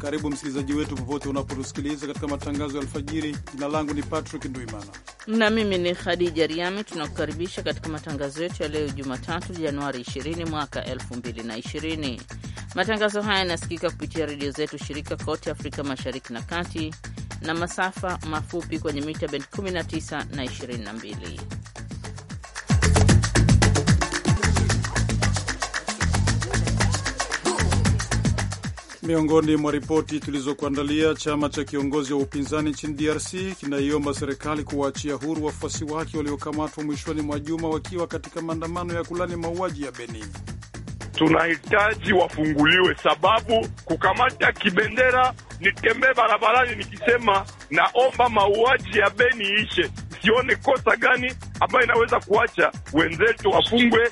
Karibu msikilizaji wetu popote unapotusikiliza katika matangazo ya alfajiri. Jina langu ni Patrick Nduimana na mimi ni Khadija Riami. Tunakukaribisha katika matangazo yetu ya leo Jumatatu, Januari 20 mwaka 2020. Matangazo haya yanasikika kupitia redio zetu shirika kote Afrika Mashariki na Kati na masafa mafupi kwenye mita bendi 19 na 22. Miongoni mwa ripoti tulizokuandalia, chama cha kiongozi wa upinzani nchini DRC kinaiomba serikali kuwaachia huru wafuasi wake waliokamatwa mwishoni mwa juma wakiwa katika maandamano ya kulani mauaji ya Beni. Tunahitaji wafunguliwe, sababu kukamata kibendera, nitembee barabarani nikisema naomba mauaji ya Beni ishe. Sione kosa gani ambayo inaweza kuacha wenzetu wafungwe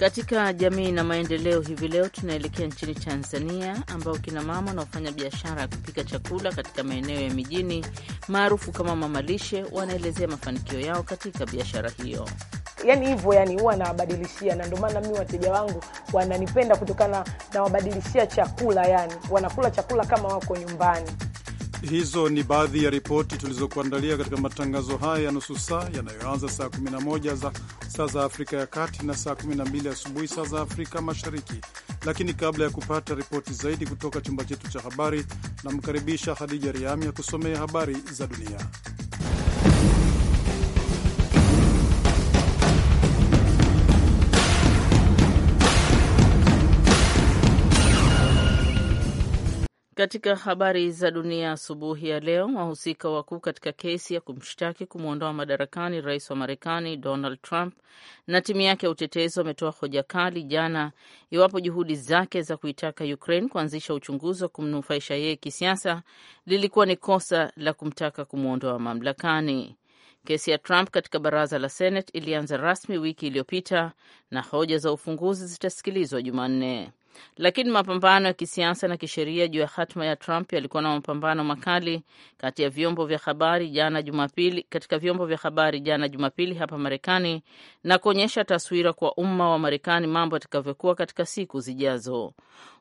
katika jamii na maendeleo, hivi leo tunaelekea nchini Tanzania, ambao kinamama wanaofanya biashara ya kupika chakula katika maeneo ya mijini maarufu kama mamalishe wanaelezea mafanikio yao katika biashara hiyo. Yani hivyo yani, huwa nawabadilishia, na ndio maana wateja wangu wananipenda kutokana na wabadilishia chakula, yani wanakula chakula kama wako nyumbani. Hizo ni baadhi ya ripoti tulizokuandalia katika matangazo haya ya nusu saa yanayoanza saa 11 za saa za Afrika ya Kati na saa 12 asubuhi saa za Afrika Mashariki. Lakini kabla ya kupata ripoti zaidi kutoka chumba chetu cha habari, namkaribisha Hadija Riami ya kusomea habari za dunia. Katika habari za dunia asubuhi ya leo, wahusika wakuu katika kesi ya kumshtaki kumwondoa madarakani rais wa Marekani Donald Trump na timu yake ya utetezi wametoa hoja kali jana iwapo juhudi zake za kuitaka Ukraine kuanzisha uchunguzi wa kumnufaisha yeye kisiasa lilikuwa ni kosa la kumtaka kumwondoa mamlakani. Kesi ya Trump katika baraza la Senate ilianza rasmi wiki iliyopita na hoja za ufunguzi zitasikilizwa Jumanne. Lakini mapambano ya kisiasa na kisheria juu ya hatima ya Trump yalikuwa na mapambano makali kati ya vyombo vya habari jana Jumapili, katika vyombo vya habari jana Jumapili hapa Marekani na kuonyesha taswira kwa umma wa Marekani mambo yatakavyokuwa katika siku zijazo.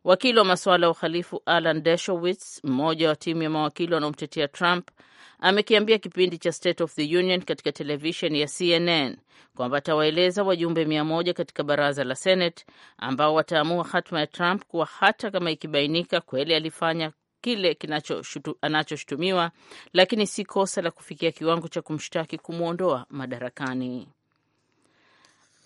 Wakili wa masuala ya uhalifu Alan Dershowitz, mmoja wa timu ya mawakili wanaomtetea Trump, amekiambia kipindi cha State of the Union katika televisheni ya CNN kwamba atawaeleza wajumbe mia moja katika baraza la Senate ambao wataamua hatima ya Trump kuwa hata kama ikibainika kweli alifanya kile anachoshutumiwa, lakini si kosa la kufikia kiwango cha kumshtaki kumwondoa madarakani.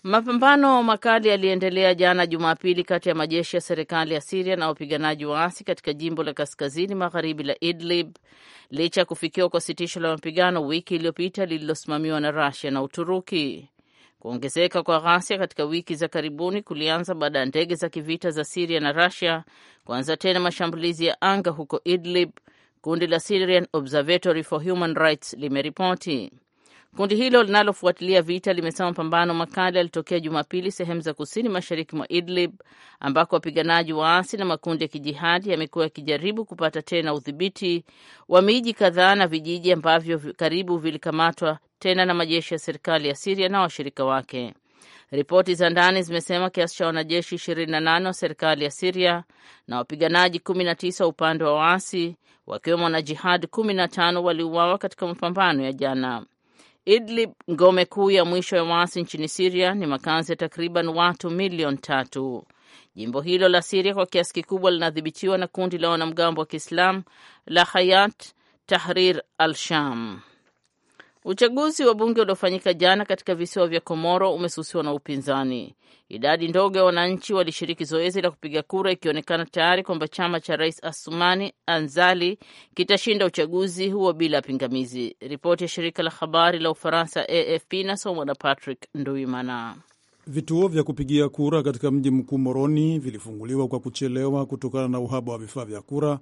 Mapambano makali yaliendelea jana Jumapili kati ya majeshi ya serikali ya Siria na wapiganaji waasi katika jimbo la kaskazini magharibi la Idlib licha ya kufikiwa kwa sitisho la mapigano wiki iliyopita lililosimamiwa na Rasia na Uturuki. Kuongezeka kwa ghasia katika wiki za karibuni kulianza baada ya ndege za kivita za Siria na Rasia kuanza tena mashambulizi ya anga huko Idlib, kundi la Syrian Observatory for Human Rights limeripoti. Kundi hilo linalofuatilia vita limesema mapambano makali yalitokea Jumapili sehemu za kusini mashariki mwa Idlib ambako wapiganaji waasi na makundi ya kijihadi yamekuwa yakijaribu kupata tena udhibiti wa miji kadhaa na vijiji ambavyo karibu vilikamatwa tena na majeshi ya serikali ya Siria na washirika wake. Ripoti za ndani zimesema kiasi cha wanajeshi 28 wa serikali ya Siria na wapiganaji 19 upande wa waasi wakiwemo wanajihadi 15 waliuawa katika mapambano ya jana. Idlib, ngome kuu ya mwisho ya waasi nchini Siria, ni makazi ya takriban watu milioni tatu. Jimbo hilo la Siria kwa kiasi kikubwa linadhibitiwa na kundi la wanamgambo wa Kiislamu la Hayat Tahrir al-Sham. Uchaguzi wa bunge uliofanyika jana katika visiwa vya Komoro umesusiwa na upinzani. Idadi ndogo ya wananchi walishiriki zoezi la kupiga kura, ikionekana tayari kwamba chama cha Rais Asumani Anzali kitashinda uchaguzi huo bila pingamizi. Ripoti ya shirika la habari la Ufaransa AFP inasomwa na Patrick Nduimana. Vituo vya kupigia kura katika mji mkuu Moroni vilifunguliwa kwa kuchelewa kutokana na uhaba wa vifaa vya kura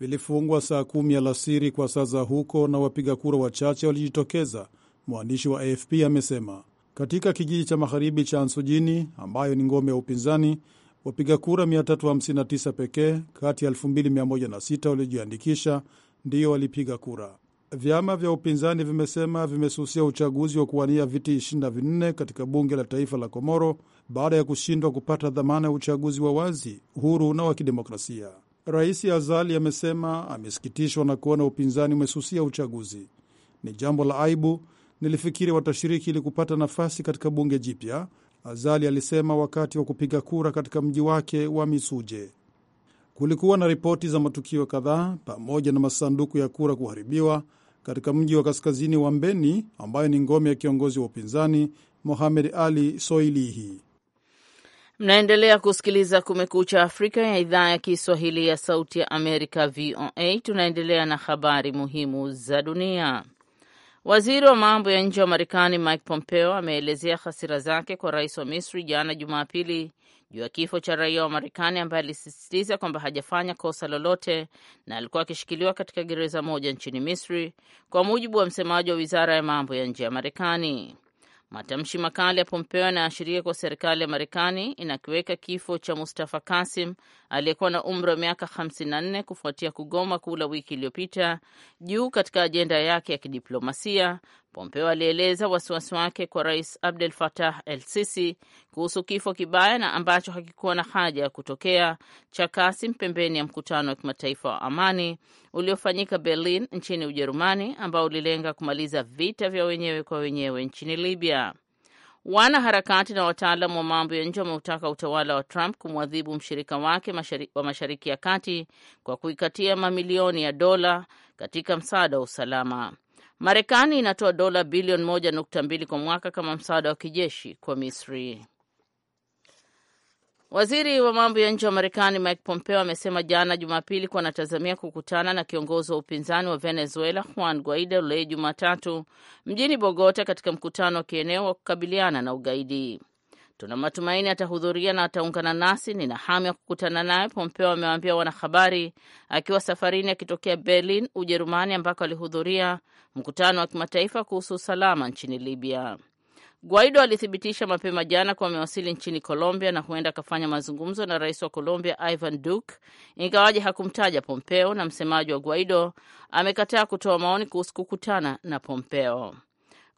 vilifungwa saa kumi alasiri kwa saa za huko na wapiga kura wachache walijitokeza, mwandishi wa AFP amesema. Katika kijiji cha magharibi cha Ansujini ambayo ni ngome ya upinzani, wapiga kura 359 pekee kati ya 2106 waliojiandikisha ndiyo walipiga kura. Vyama vya upinzani vimesema vimesusia uchaguzi wa kuwania viti 24 katika bunge la taifa la Komoro baada ya kushindwa kupata dhamana ya uchaguzi wa wazi, huru na wa kidemokrasia. Rais Azali amesema amesikitishwa na kuona upinzani umesusia uchaguzi. Ni jambo la aibu, nilifikiri watashiriki ili kupata nafasi katika bunge jipya, Azali alisema wakati wa kupiga kura katika mji wake wa Misuje. Kulikuwa na ripoti za matukio kadhaa pamoja na masanduku ya kura kuharibiwa katika mji wa kaskazini wa Mbeni, ambayo ni ngome ya kiongozi wa upinzani Mohamed Ali Soilihi. Mnaendelea kusikiliza Kumekucha Afrika ya idhaa ya Kiswahili ya Sauti ya Amerika, VOA. Tunaendelea na habari muhimu za dunia. Waziri wa mambo ya nje wa Marekani Mike Pompeo ameelezea hasira zake kwa rais wa Misri jana Jumapili juu ya kifo cha raia wa Marekani ambaye alisisitiza kwamba hajafanya kosa lolote na alikuwa akishikiliwa katika gereza moja nchini Misri, kwa mujibu wa msemaji wa wizara ya mambo ya nje ya Marekani. Matamshi makali ya Pompeo yanaashiria kwa serikali ya Marekani inakiweka kifo cha Mustafa Kasim aliyekuwa na umri wa miaka 54 kufuatia kugoma kula wiki iliyopita juu katika ajenda yake ya kidiplomasia Pompeo alieleza wasiwasi wake kwa Rais Abdel Fattah el Sisi kuhusu kifo kibaya na ambacho hakikuwa na haja ya kutokea cha Kasim pembeni ya mkutano wa kimataifa wa amani uliofanyika Berlin nchini Ujerumani, ambao ulilenga kumaliza vita vya wenyewe kwa wenyewe nchini Libya. Wanaharakati na wataalam wa mambo ya nje wameutaka utawala wa Trump kumwadhibu mshirika wake mashari, wa Mashariki ya Kati kwa kuikatia mamilioni ya dola katika msaada wa usalama. Marekani inatoa dola bilioni moja nukta mbili kwa mwaka kama msaada wa kijeshi kwa Misri. Waziri wa mambo ya nje wa Marekani Mike Pompeo amesema jana Jumapili kuwa anatazamia kukutana na kiongozi wa upinzani wa Venezuela Juan Guaido leo Jumatatu mjini Bogota katika mkutano wa kieneo wa kukabiliana na ugaidi. Tuna matumaini atahudhuria na ataungana nasi. Nina hamu ya kukutana naye, Pompeo amewaambia wanahabari akiwa safarini akitokea Berlin, Ujerumani, ambako alihudhuria mkutano wa kimataifa kuhusu usalama nchini Libya. Guaido alithibitisha mapema jana kuwa amewasili nchini Colombia na huenda akafanya mazungumzo na rais wa Colombia Ivan Duque, ingawaje hakumtaja Pompeo, na msemaji wa Guaido amekataa kutoa maoni kuhusu kukutana na Pompeo.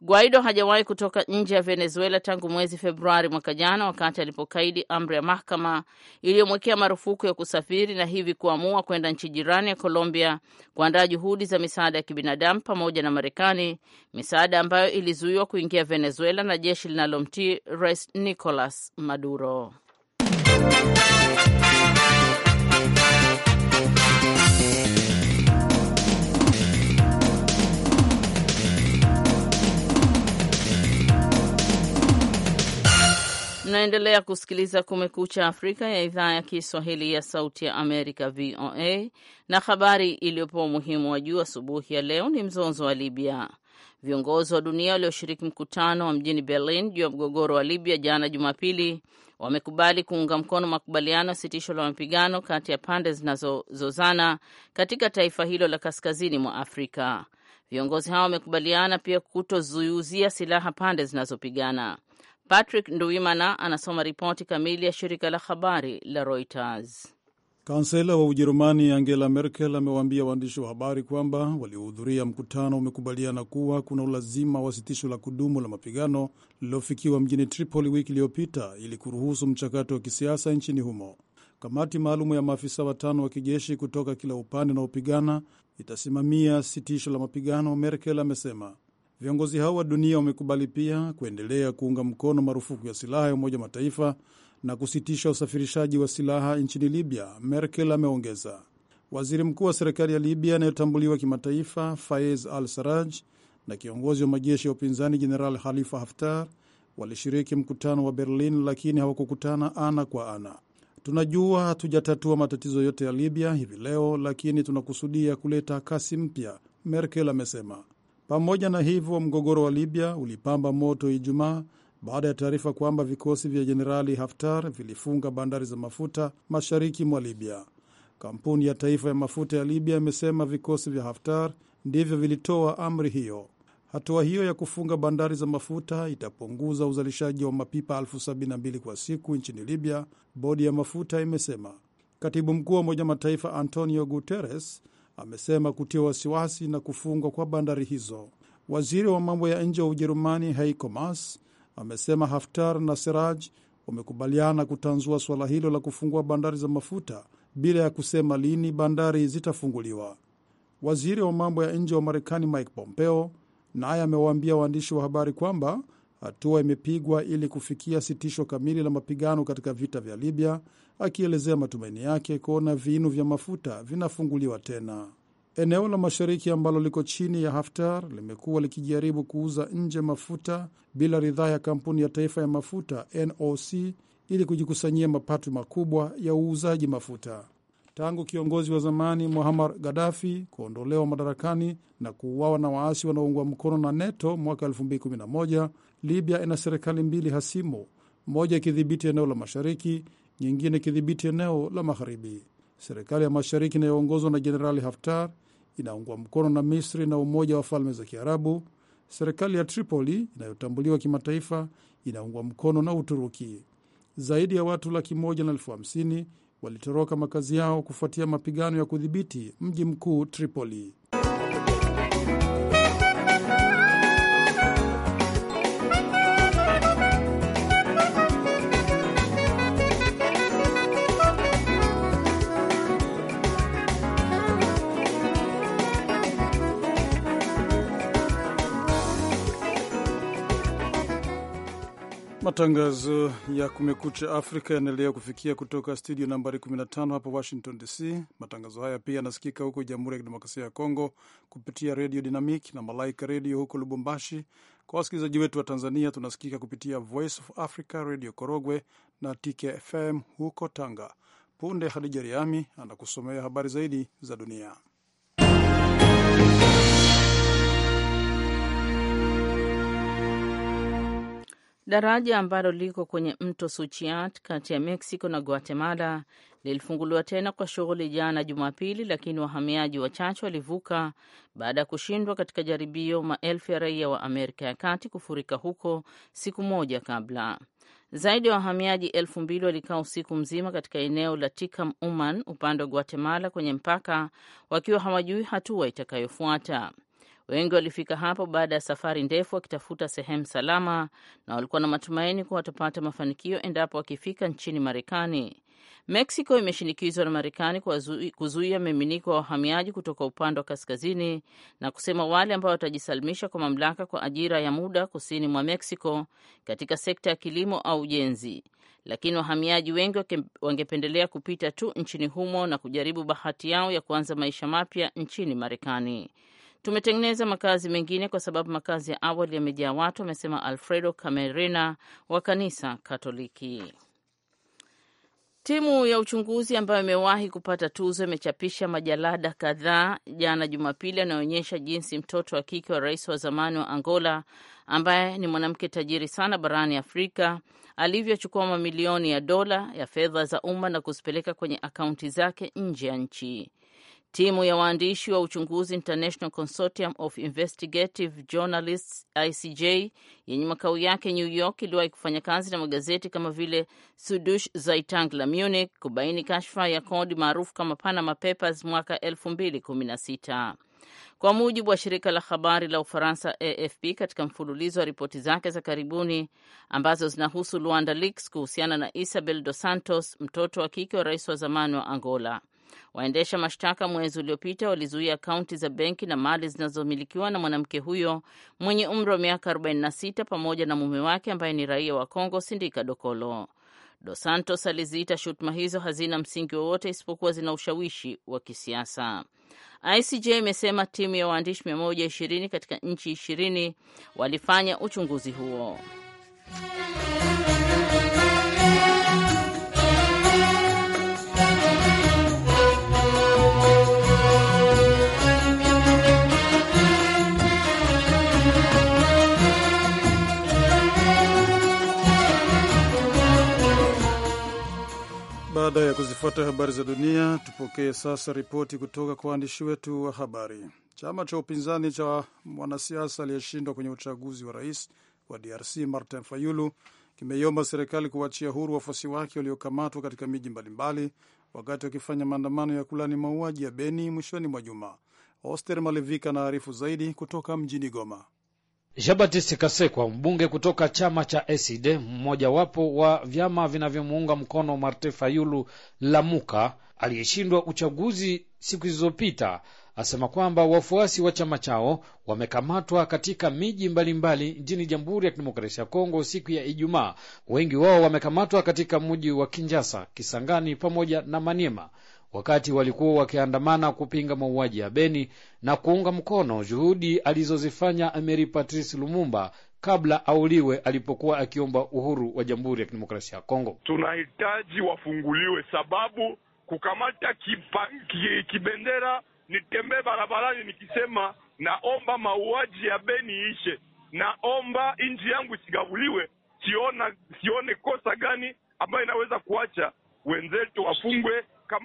Guaido hajawahi kutoka nje ya Venezuela tangu mwezi Februari mwaka jana, wakati alipokaidi amri ya mahakama iliyomwekea marufuku ya kusafiri na hivi kuamua kwenda nchi jirani ya Colombia kuandaa juhudi za misaada ya kibinadamu pamoja na Marekani, misaada ambayo ilizuiwa kuingia Venezuela na jeshi linalomtii Rais Nicolas Maduro. Mnaendelea kusikiliza Kumekucha Afrika ya idhaa ya Kiswahili ya Sauti ya Amerika, VOA. Na habari iliyopewa umuhimu wa juu asubuhi ya leo ni mzozo wa Libya. Viongozi wa dunia walioshiriki mkutano wa mjini Berlin juu ya mgogoro wa Libya jana Jumapili wamekubali kuunga mkono makubaliano ya sitisho la mapigano kati ya pande zinazozozana katika taifa hilo la kaskazini mwa Afrika. Viongozi hao wamekubaliana pia kutozuiuzia silaha pande zinazopigana. Patrick nduimana anasoma ripoti kamili ya shirika la habari la Reuters. Kansela wa Ujerumani Angela Merkel amewaambia waandishi wa habari kwamba waliohudhuria mkutano umekubaliana kuwa kuna ulazima wa sitisho la kudumu la mapigano lililofikiwa mjini Tripoli wiki iliyopita ili kuruhusu mchakato wa kisiasa nchini humo. Kamati maalum ya maafisa watano wa kijeshi kutoka kila upande unaopigana itasimamia sitisho la mapigano, Merkel amesema. Viongozi hao wa dunia wamekubali pia kuendelea kuunga mkono marufuku ya silaha ya Umoja Mataifa na kusitisha usafirishaji wa silaha nchini Libya, Merkel ameongeza. Waziri mkuu wa serikali ya Libya anayotambuliwa kimataifa Faiz al Saraj na kiongozi wa majeshi ya upinzani Jeneral halifa Haftar walishiriki mkutano wa Berlin, lakini hawakukutana ana kwa ana. Tunajua hatujatatua matatizo yote ya Libya hivi leo, lakini tunakusudia kuleta kasi mpya, Merkel amesema. Pamoja na hivyo, mgogoro wa Libya ulipamba moto Ijumaa baada ya taarifa kwamba vikosi vya Jenerali Haftar vilifunga bandari za mafuta mashariki mwa Libya. Kampuni ya taifa ya mafuta ya Libya imesema vikosi vya Haftar ndivyo vilitoa amri hiyo. Hatua hiyo ya kufunga bandari za mafuta itapunguza uzalishaji wa mapipa elfu sabini na mbili kwa siku nchini Libya, bodi ya mafuta imesema. Katibu mkuu wa Umoja Mataifa Antonio Guterres amesema kutia wasiwasi na kufungwa kwa bandari hizo. Waziri wa mambo ya nje wa Ujerumani Heiko Maas amesema Haftar na Seraj wamekubaliana kutanzua suala hilo la kufungua bandari za mafuta bila ya kusema lini bandari zitafunguliwa. Waziri wa mambo ya nje wa Marekani Mike Pompeo naye amewaambia waandishi wa habari kwamba hatua imepigwa ili kufikia sitisho kamili la mapigano katika vita vya Libya, akielezea matumaini yake kuona vinu vya mafuta vinafunguliwa tena. Eneo la mashariki ambalo liko chini ya Haftar limekuwa likijaribu kuuza nje mafuta bila ridhaa ya kampuni ya taifa ya mafuta NOC ili kujikusanyia mapato makubwa ya uuzaji mafuta. Tangu kiongozi wa zamani muhamar Gaddafi kuondolewa madarakani na kuuawa na waasi wanaoungwa mkono na NATO mwaka Libya ina serikali mbili hasimu, moja ikidhibiti eneo la mashariki, nyingine ikidhibiti eneo la magharibi. Serikali ya mashariki inayoongozwa na Jenerali Haftar inaungwa mkono na Misri na Umoja wa Falme za Kiarabu. Serikali ya Tripoli inayotambuliwa kimataifa inaungwa mkono na Uturuki. Zaidi ya watu laki moja na elfu hamsini walitoroka makazi yao kufuatia mapigano ya kudhibiti mji mkuu Tripoli. Matangazo ya Kumekucha Afrika yanaendelea kufikia kutoka studio nambari 15 hapa Washington DC. Matangazo haya pia yanasikika huko Jamhuri ya Kidemokrasia ya Kongo kupitia Redio Dynamic na Malaika Redio huko Lubumbashi. Kwa wasikilizaji wetu wa Tanzania, tunasikika kupitia Voice of Africa, Redio Korogwe na TKFM huko Tanga. Punde Hadija Riami anakusomea habari zaidi za dunia. Daraja ambalo liko kwenye mto Suchiat kati ya Mexico na Guatemala lilifunguliwa tena kwa shughuli jana Jumapili, lakini wahamiaji wachache walivuka baada ya kushindwa katika jaribio. Maelfu ya raia wa Amerika ya Kati kufurika huko siku moja kabla. Zaidi ya wahamiaji elfu mbili walikaa usiku mzima katika eneo la Tikam Uman upande wa Guatemala kwenye mpaka, wakiwa hawajui hatua itakayofuata. Wengi walifika hapo baada ya safari ndefu wakitafuta sehemu salama na walikuwa na matumaini kuwa watapata mafanikio endapo wakifika nchini Marekani. Mexico imeshinikizwa na Marekani kuzuia miminiko wa wahamiaji kutoka upande wa kaskazini na kusema wale ambao watajisalimisha kwa mamlaka kwa ajira ya muda kusini mwa Mexico katika sekta ya kilimo au ujenzi, lakini wahamiaji wengi wangependelea kupita tu nchini humo na kujaribu bahati yao ya kuanza maisha mapya nchini Marekani. Tumetengeneza makazi mengine kwa sababu makazi ya awali yamejaa watu, amesema Alfredo Camerina wa kanisa Katoliki. Timu ya uchunguzi ambayo imewahi kupata tuzo imechapisha majalada kadhaa jana Jumapili yanayoonyesha jinsi mtoto wa kike wa rais wa zamani wa Angola ambaye ni mwanamke tajiri sana barani Afrika alivyochukua mamilioni ya dola ya fedha za umma na kuzipeleka kwenye akaunti zake nje ya nchi. Timu ya waandishi wa uchunguzi International Consortium of Investigative Journalists ICJ yenye makao yake New York iliwahi kufanya kazi na magazeti kama vile Sudush Zaitang la Munich kubaini kashfa ya kodi maarufu kama Panama Papers mwaka 2016. Kwa mujibu wa shirika la habari la Ufaransa AFP, katika mfululizo wa ripoti zake za karibuni ambazo zinahusu Luanda Leaks kuhusiana na Isabel Dos Santos, mtoto wa kike wa rais wa zamani wa Angola, Waendesha mashtaka mwezi uliopita walizuia akaunti za benki na mali zinazomilikiwa na mwanamke huyo mwenye umri wa miaka 46 pamoja na mume wake ambaye ni raia wa Kongo, Sindika Dokolo. Dos Santos aliziita shutuma hizo hazina msingi wowote isipokuwa zina ushawishi wa kisiasa. ICJ imesema timu ya waandishi 120 katika nchi 20 walifanya uchunguzi huo. Baada ya kuzifuata habari za dunia, tupokee sasa ripoti kutoka kwa waandishi wetu wa habari. Chama cha upinzani cha mwanasiasa aliyeshindwa kwenye uchaguzi wa rais wa DRC Martin Fayulu kimeiomba serikali kuwachia huru wafuasi wake waliokamatwa katika miji mbalimbali wakati wakifanya maandamano ya kulani mauaji ya Beni mwishoni mwa juma. Oster Malevika anaarifu zaidi kutoka mjini Goma jabatist Kasekwa, mbunge kutoka chama cha ACD, mmojawapo wa vyama vinavyomuunga mkono Martin Fayulu Lamuka, aliyeshindwa uchaguzi siku zilizopita, asema kwamba wafuasi wa chama chao wamekamatwa katika miji mbalimbali nchini Jamhuri ya Kidemokrasia ya Kongo siku ya Ijumaa. Wengi wao wamekamatwa katika mji wa kinjasa Kisangani pamoja na Maniema wakati walikuwa wakiandamana kupinga mauaji ya Beni na kuunga mkono juhudi alizozifanya Emery Patrice Lumumba kabla auliwe alipokuwa akiomba uhuru wa Jamhuri ya Kidemokrasia ya Kongo. Tunahitaji wafunguliwe, sababu kukamata kipa, kibendera nitembee barabarani nikisema naomba mauaji ya Beni ishe naomba nchi yangu isigabuliwe. Siona, sione kosa gani ambayo inaweza kuacha wenzetu wafungwe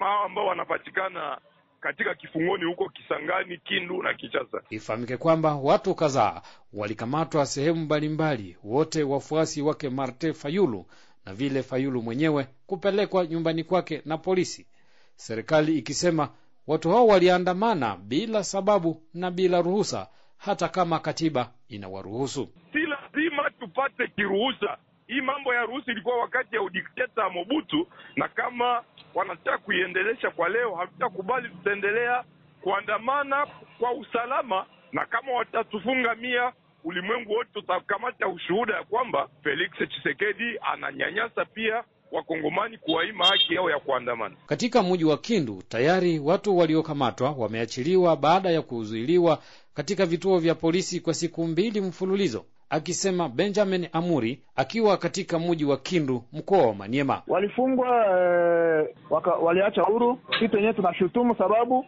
hawa ambao wanapatikana katika kifungoni huko Kisangani, Kindu na Kichasa. Ifahamike kwamba watu kadhaa walikamatwa sehemu mbalimbali, wote wafuasi wake marte Fayulu na vile Fayulu mwenyewe kupelekwa nyumbani kwake na polisi, serikali ikisema watu hao waliandamana bila sababu na bila ruhusa, hata kama katiba inawaruhusu. Si lazima tupate kiruhusa hii mambo ya ruhusi ilikuwa wakati ya udikteta Mobutu, na kama wanataka kuiendelesha kwa leo, hatutakubali. Tutaendelea kuandamana kwa usalama, na kama watatufunga mia ulimwengu wote utakamata ushuhuda ya kwamba Felix Tshisekedi ananyanyasa pia wakongomani kuwaima haki yao ya kuandamana. Katika mji wa Kindu tayari watu waliokamatwa wameachiliwa baada ya kuzuiliwa katika vituo vya polisi kwa siku mbili mfululizo akisema Benjamin Amuri akiwa katika mji wa Kindu, mkoa wa Maniema. Walifungwa e, waka, waliacha huru. sii tenyewe tunashutumu sababu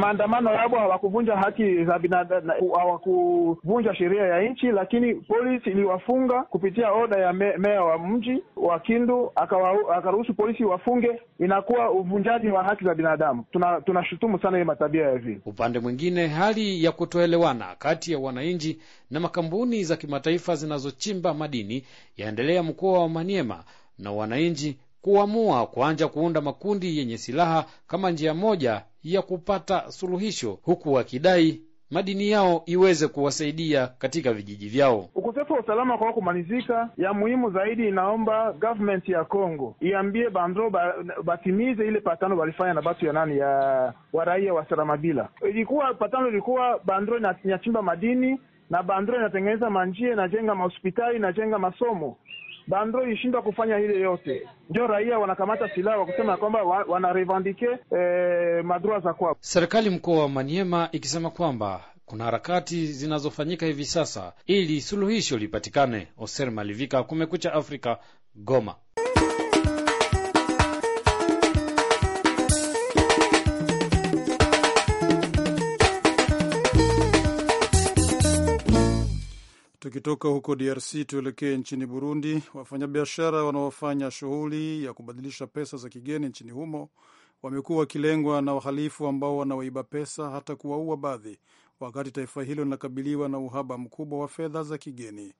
maandamano yabo hawakuvunja haki za binadamu, hawakuvunja sheria ya nchi, lakini polisi iliwafunga kupitia oda ya me, meya wa mji wa Kindu akaruhusu polisi wafunge. Inakuwa uvunjaji wa haki za binadamu. Tunashutumu tuna sana hiyo matabia ya hivi. Upande mwingine, hali ya kutoelewana kati ya wananchi na makambuni za kimataifa zinazochimba madini yaendelea mkoa wa Maniema na wananchi kuamua kuanja kuunda makundi yenye silaha kama njia moja ya kupata suluhisho, huku wakidai madini yao iweze kuwasaidia katika vijiji vyao. Ukosefu wa usalama kwa kumalizika, ya muhimu zaidi, inaomba government ya Congo iambie bandro ba, batimize ile patano walifanya na batu ya nani ya waraia wa Saramabila. Ilikuwa patano ilikuwa bandro inachimba madini na Bandro inatengeneza manjia, inajenga mahospitali, inajenga masomo. Bandro ilishindwa kufanya ile yote, ndio raia wanakamata silaha wa kusema kwamba wanarevandike eh, madrua za kwao. Serikali mkoa wa Maniema ikisema kwamba kuna harakati zinazofanyika hivi sasa ili suluhisho lipatikane. Oser Malivika, Kumekucha Afrika, Goma. Tukitoka huko DRC tuelekee nchini Burundi. Wafanyabiashara wanaofanya shughuli ya kubadilisha pesa za kigeni nchini humo wamekuwa wakilengwa na wahalifu ambao wanawaiba pesa hata kuwaua baadhi, wakati taifa hilo linakabiliwa na uhaba mkubwa wa fedha za kigeni.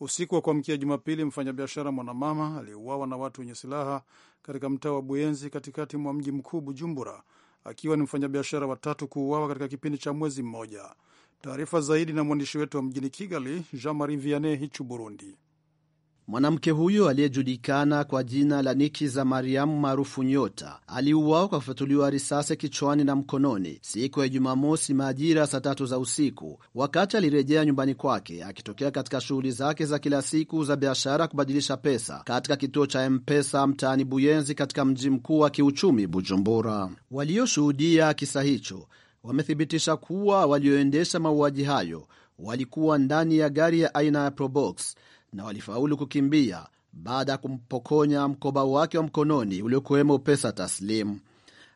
Usiku wa kuamkia Jumapili, mfanyabiashara mwanamama aliyeuawa na watu wenye silaha katika mtaa wa Buyenzi katikati mwa mji mkuu Bujumbura, akiwa ni mfanyabiashara watatu kuuawa katika kipindi cha mwezi mmoja. Taarifa zaidi na mwandishi wetu wa mjini Kigali, Jean Marie Vianney Hichu, Burundi. Mwanamke huyo aliyejulikana kwa jina la Niki za Mariamu maarufu Nyota aliuawa kwa kufyatuliwa risasi kichwani na mkononi siku ya Jumamosi majira saa tatu za usiku, wakati alirejea nyumbani kwake akitokea katika shughuli zake za kila siku za biashara, kubadilisha pesa katika kituo cha Mpesa mtaani Buyenzi katika mji mkuu wa kiuchumi Bujumbura. Walioshuhudia kisa hicho wamethibitisha kuwa walioendesha mauaji hayo walikuwa ndani ya gari ya aina ya Probox na walifaulu kukimbia baada ya kumpokonya mkoba wake wa mkononi uliokuwemo pesa taslimu.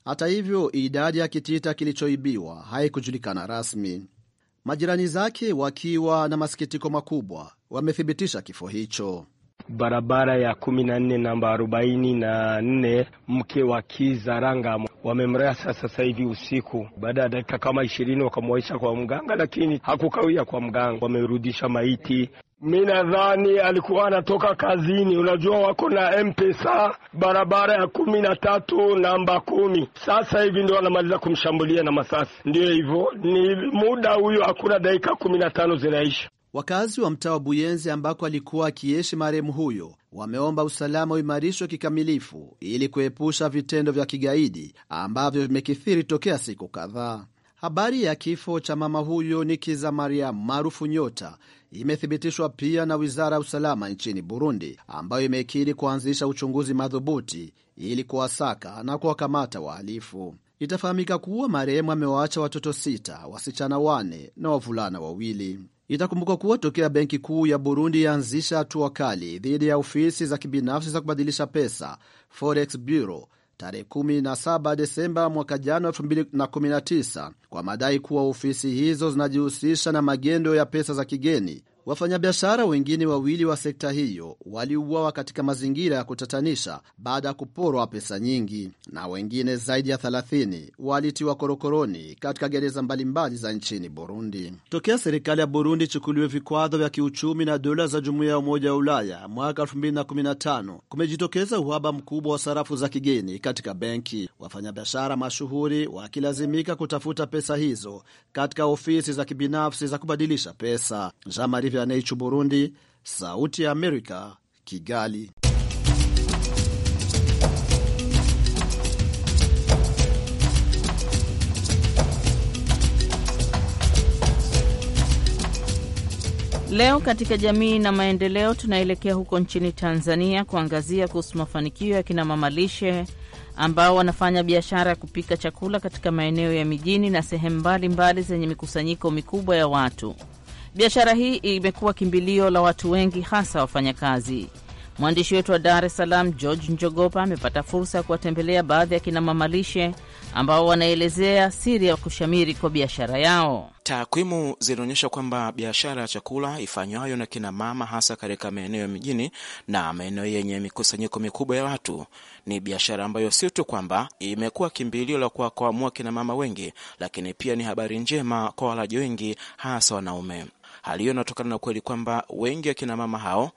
Hata hivyo, idadi ya kitita kilichoibiwa haikujulikana rasmi. Majirani zake wakiwa na masikitiko makubwa wamethibitisha kifo hicho barabara ya kumi na nne namba arobaini na nne mke wa Kizaranga wamemrasa sasa hivi usiku. Baada ya dakika kama ishirini wakamwaisha kwa mganga, lakini hakukawia kwa mganga, wamerudisha maiti. Mi nadhani alikuwa anatoka kazini. Unajua wako na Mpesa barabara ya kumi na tatu namba kumi. Sasa hivi ndio wanamaliza kumshambulia na masasi, ndio hivyo, ni muda huyo, hakuna dakika kumi na tano zinaisha. Wakazi wa mtaa wa Buyenzi ambako alikuwa akiishi marehemu huyo wameomba usalama uimarishwe kikamilifu ili kuepusha vitendo vya kigaidi ambavyo vimekithiri tokea siku kadhaa. Habari ya kifo cha mama huyo Nikiza Mariam maarufu Nyota imethibitishwa pia na wizara ya usalama nchini Burundi, ambayo imekiri kuanzisha uchunguzi madhubuti ili kuwasaka na kuwakamata wahalifu. Itafahamika kuwa marehemu amewaacha watoto sita, wasichana wane na wavulana wawili. Itakumbuka kuwa tokea Benki Kuu ya Burundi yaanzisha hatua kali dhidi ya ofisi za kibinafsi za kubadilisha pesa forex bureau tarehe 17 Desemba mwaka jana 2019 kwa madai kuwa ofisi hizo zinajihusisha na magendo ya pesa za kigeni Wafanyabiashara wengine wawili wa sekta hiyo waliuawa katika mazingira ya kutatanisha baada ya kuporwa pesa nyingi, na wengine zaidi ya 30 walitiwa korokoroni katika gereza mbalimbali za nchini Burundi. Tokea serikali ya Burundi ichukuliwe vikwazo vya kiuchumi na dola za jumuiya ya Umoja wa Ulaya mwaka 2015 kumejitokeza uhaba mkubwa wa sarafu za kigeni katika benki, wafanyabiashara mashuhuri wakilazimika kutafuta pesa hizo katika ofisi za kibinafsi za kubadilisha pesa Jamari Viviane Hichu, Burundi. Sauti ya Amerika, Kigali. Leo katika jamii na maendeleo tunaelekea huko nchini Tanzania kuangazia kuhusu mafanikio ya kina mama lishe ambao wanafanya biashara ya kupika chakula katika maeneo ya mijini na sehemu mbalimbali zenye mikusanyiko mikubwa ya watu. Biashara hii imekuwa kimbilio la watu wengi, hasa wafanyakazi. Mwandishi wetu wa Dar es Salaam George Njogopa amepata fursa ya kuwatembelea baadhi ya kinamamalishe ambao wanaelezea siri ya kushamiri kwa biashara yao. Takwimu zinaonyesha kwamba biashara ya chakula ifanywayo na kina mama hasa katika maeneo ya mijini na maeneo yenye mikusanyiko mikubwa ya watu ni biashara ambayo sio tu kwamba imekuwa kimbilio la kuwakwamua kina mama wengi, lakini pia ni habari njema kwa walaji wengi, hasa wanaume. Hali hiyo inatokana na ukweli kwamba wengi wa mama hao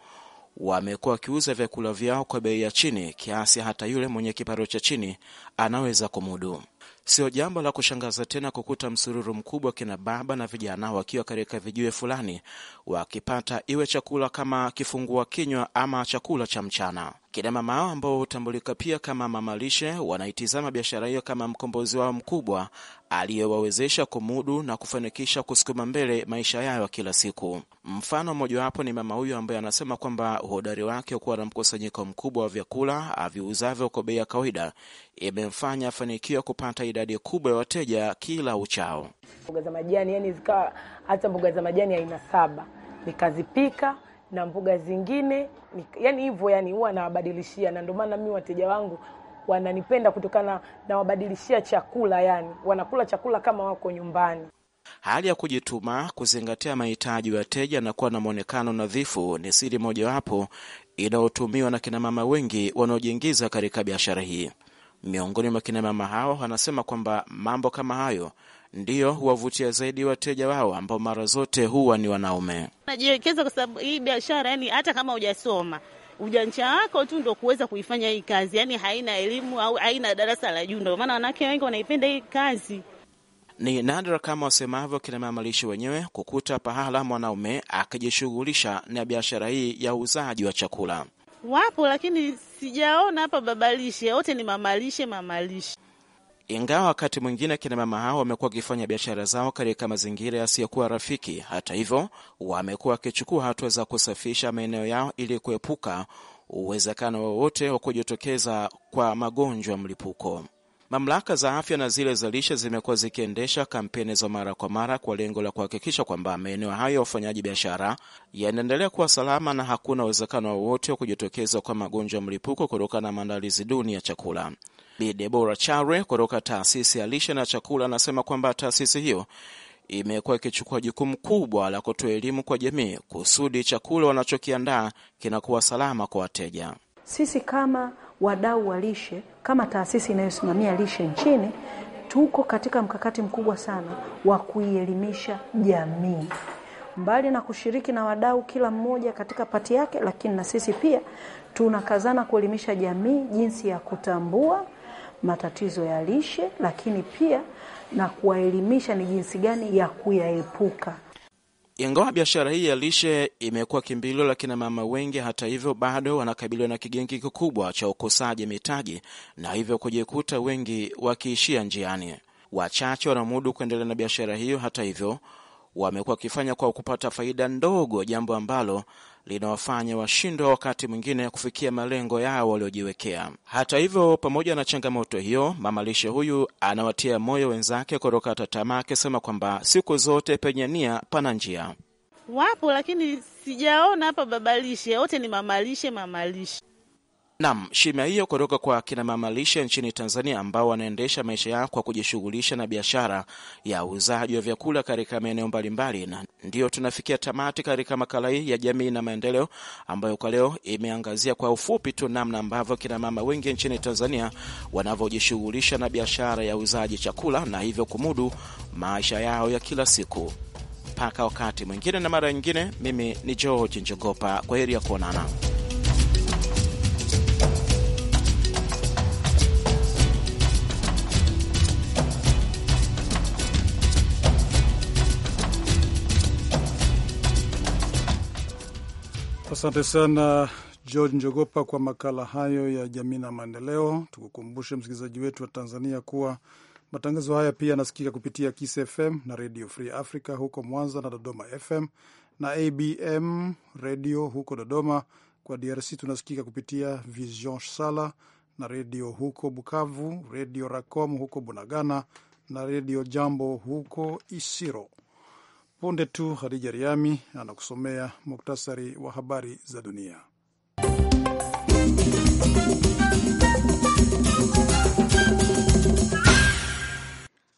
wamekuwa wakiuza vyakula vyao kwa bei ya chini kiasi hata yule mwenye kipato cha chini anaweza kumudu. Sio jambo la kushangaza tena kukuta msururu mkubwa kina baba na vijana wakiwa katika vijiwe fulani wakipata iwe chakula kama kifungua kinywa ama chakula cha mchana. Kina mama hao ambao hutambulika pia kama mamalishe wanaitizama biashara hiyo kama mkombozi wao mkubwa aliyewawezesha kumudu na kufanikisha kusukuma mbele maisha yao kila siku. Mfano mmojawapo ni mama huyu ambaye anasema kwamba uhodari wake kuwa na mkusanyiko mkubwa wa vyakula aviuzavyo kwa bei ya kawaida imemfanya afanikiwa kupata kupata idadi kubwa ya wateja kila uchao. Mboga za majani yani zikawa hata mboga za majani aina saba nikazipika na mboga zingine yani hivyo, yani huwa nawabadilishia, na ndio maana mimi wateja wangu wananipenda kutokana na wabadilishia chakula, yani wanakula chakula kama wako nyumbani. Hali ya kujituma, kuzingatia mahitaji ya wateja na kuwa na mwonekano nadhifu ni siri mojawapo inayotumiwa na kinamama wengi wanaojiingiza katika biashara hii. Miongoni mwa kinamama hao wanasema kwamba mambo kama hayo ndiyo huwavutia zaidi wateja wao ambao mara zote huwa ni wanaume. Najiwekeza kwa sababu hii biashara, yani hata kama hujasoma ujancha wako tu ndo kuweza kuifanya hii kazi, yani haina elimu au haina darasa la juu, ndo maana wanawake wengi wanaipenda hii kazi. Ni nadra kama wasemavyo kinamama lishi wenyewe kukuta pahala mwanaume akijishughulisha na biashara hii ya uuzaji wa chakula. Wapo, lakini sijaona hapa babalishe, wote ni mamalishe mamalishe. Ingawa wakati mwingine kina mama hao wamekuwa wakifanya biashara zao katika mazingira yasiyokuwa rafiki, hata hivyo wamekuwa wakichukua hatua za kusafisha maeneo yao ili kuepuka uwezekano wowote wa kujitokeza kwa magonjwa mlipuko. Mamlaka za afya na zile za lishe zimekuwa zikiendesha kampeni za mara kwa mara kwa lengo la kuhakikisha kwamba maeneo hayo ya ufanyaji biashara yanaendelea kuwa salama na hakuna uwezekano wowote wa kujitokeza kwa magonjwa ya mlipuko kutokana na maandalizi duni ya chakula. Bi Debora Chare kutoka taasisi ya lishe na chakula anasema kwamba taasisi hiyo imekuwa ikichukua jukumu kubwa la kutoa elimu kwa jamii kusudi chakula wanachokiandaa kinakuwa salama kwa wateja. Sisi kama wadau wa lishe kama taasisi inayosimamia lishe nchini tuko katika mkakati mkubwa sana wa kuielimisha jamii, mbali na kushiriki na wadau kila mmoja katika pati yake, lakini na sisi pia tunakazana kuelimisha jamii jinsi ya kutambua matatizo ya lishe, lakini pia na kuwaelimisha ni jinsi gani ya kuyaepuka. Ingawa biashara hii ya lishe imekuwa kimbilio la kina mama wengi, hata hivyo bado wanakabiliwa na kigingi kikubwa cha ukosaji mitaji na hivyo kujikuta wengi wakiishia njiani. Wachache wanamudu kuendelea na biashara hiyo, hata hivyo wamekuwa wakifanya kwa kupata faida ndogo, jambo ambalo linawafanya washindwa wakati mwingine kufikia malengo yao waliojiwekea. Hata hivyo, pamoja na changamoto hiyo, mama lishe huyu anawatia moyo wenzake kutoka tatama akisema kwamba siku zote penye nia pana njia. Wapo lakini sijaona hapa babalishe, wote ni mamalishe mamalishe. Nam shima hiyo kutoka kwa kinamama lishe nchini Tanzania ambao wanaendesha maisha yao kwa kujishughulisha na biashara ya uuzaji wa vyakula katika maeneo mbalimbali. Na ndiyo tunafikia tamati katika makala hii ya jamii na maendeleo, ambayo kwa leo imeangazia kwa ufupi tu namna ambavyo kinamama wengi nchini Tanzania wanavyojishughulisha na biashara ya uuzaji chakula na hivyo kumudu maisha yao ya kila siku. Mpaka wakati mwingine na mara nyingine, mimi ni George Njogopa, kwa heri ya kuonana. Asante sana George Njogopa kwa makala hayo ya jamii na maendeleo. Tukukumbushe msikilizaji wetu wa Tanzania kuwa matangazo haya pia yanasikika kupitia Kiss FM na Redio Free Africa huko Mwanza na Dodoma FM na ABM Redio huko Dodoma. Kwa DRC tunasikika kupitia Vision sala na redio huko Bukavu, Redio Racom huko Bunagana na Redio Jambo huko Isiro. Punde tu hadija Riami anakusomea muktasari wa habari za dunia.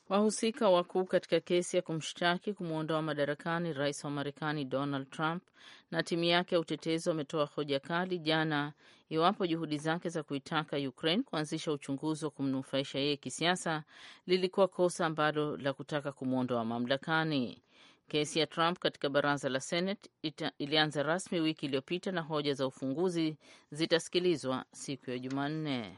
Wahusika wakuu katika kesi ya kumshtaki kumwondoa madarakani rais wa Marekani Donald Trump na timu yake ya utetezi wametoa hoja kali jana iwapo juhudi zake za kuitaka Ukraine kuanzisha uchunguzi wa kumnufaisha yeye kisiasa lilikuwa kosa ambalo la kutaka kumwondoa mamlakani. Kesi ya Trump katika baraza la Senate ita, ilianza rasmi wiki iliyopita na hoja za ufunguzi zitasikilizwa siku ya Jumanne.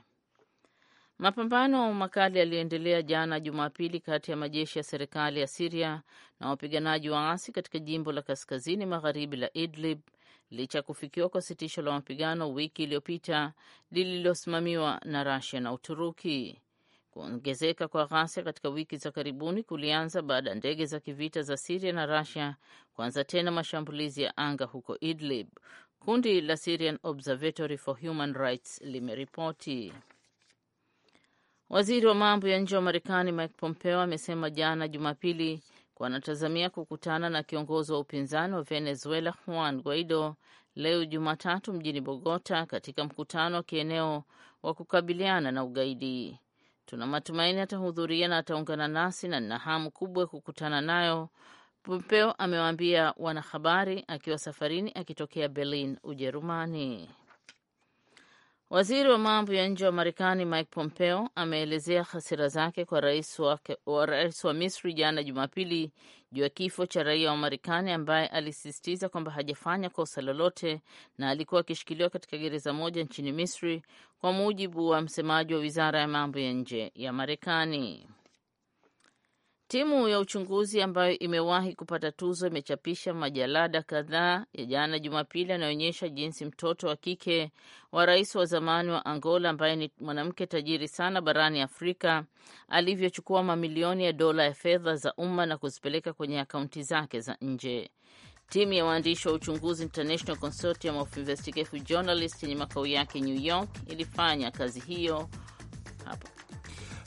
Mapambano makali yaliyoendelea jana Jumapili kati ya majeshi ya serikali ya Siria na wapiganaji waasi katika jimbo la kaskazini magharibi la Idlib licha ya kufikiwa kwa sitisho la mapigano wiki iliyopita lililosimamiwa na rasia na Uturuki. Kuongezeka kwa ghasia katika wiki za karibuni kulianza baada ya ndege za kivita za Siria na Rusia kuanza tena mashambulizi ya anga huko Idlib, kundi la Syrian Observatory for Human Rights limeripoti. Waziri wa mambo ya nje wa Marekani Mike Pompeo amesema jana Jumapili kuwa anatazamia kukutana na kiongozi wa upinzani wa Venezuela Juan Guaido leo Jumatatu mjini Bogota katika mkutano wa kieneo wa kukabiliana na ugaidi. Tuna matumaini atahudhuria na ataungana nasi na nina hamu kubwa ya kukutana nayo, Pompeo amewaambia wanahabari akiwa safarini akitokea Berlin, Ujerumani. Waziri wa mambo ya nje wa Marekani Mike Pompeo ameelezea hasira zake kwa rais wa, wa, rais wa Misri jana Jumapili juu ya kifo cha raia wa Marekani ambaye alisisitiza kwamba hajafanya kosa lolote na alikuwa akishikiliwa katika gereza moja nchini Misri, kwa mujibu wa msemaji wa wizara ya mambo ya nje ya Marekani. Timu ya uchunguzi ambayo imewahi kupata tuzo imechapisha majalada kadhaa ya jana Jumapili yanayoonyesha jinsi mtoto wa kike wa rais wa zamani wa Angola ambaye ni mwanamke tajiri sana barani Afrika alivyochukua mamilioni ya dola ya fedha za umma na kuzipeleka kwenye akaunti zake za nje. Timu ya waandishi wa uchunguzi International Consortium of Investigative Journalists yenye makao yake New York ilifanya kazi hiyo hapo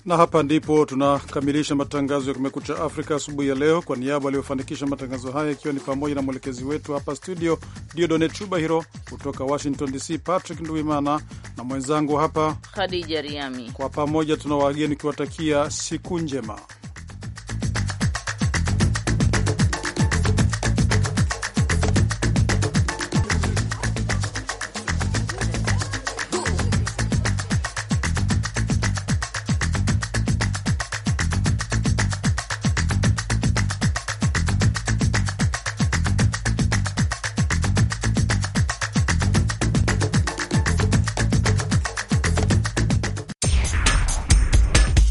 na hapa ndipo tunakamilisha matangazo ya Kumekucha Afrika asubuhi ya leo. Kwa niaba aliyofanikisha matangazo haya, ikiwa ni pamoja na mwelekezi wetu hapa studio Diodone hiro kutoka Washington DC Patrick Nduimana na mwenzangu hapa Khadija Riami, kwa pamoja tuna wageni kiwatakia siku njema.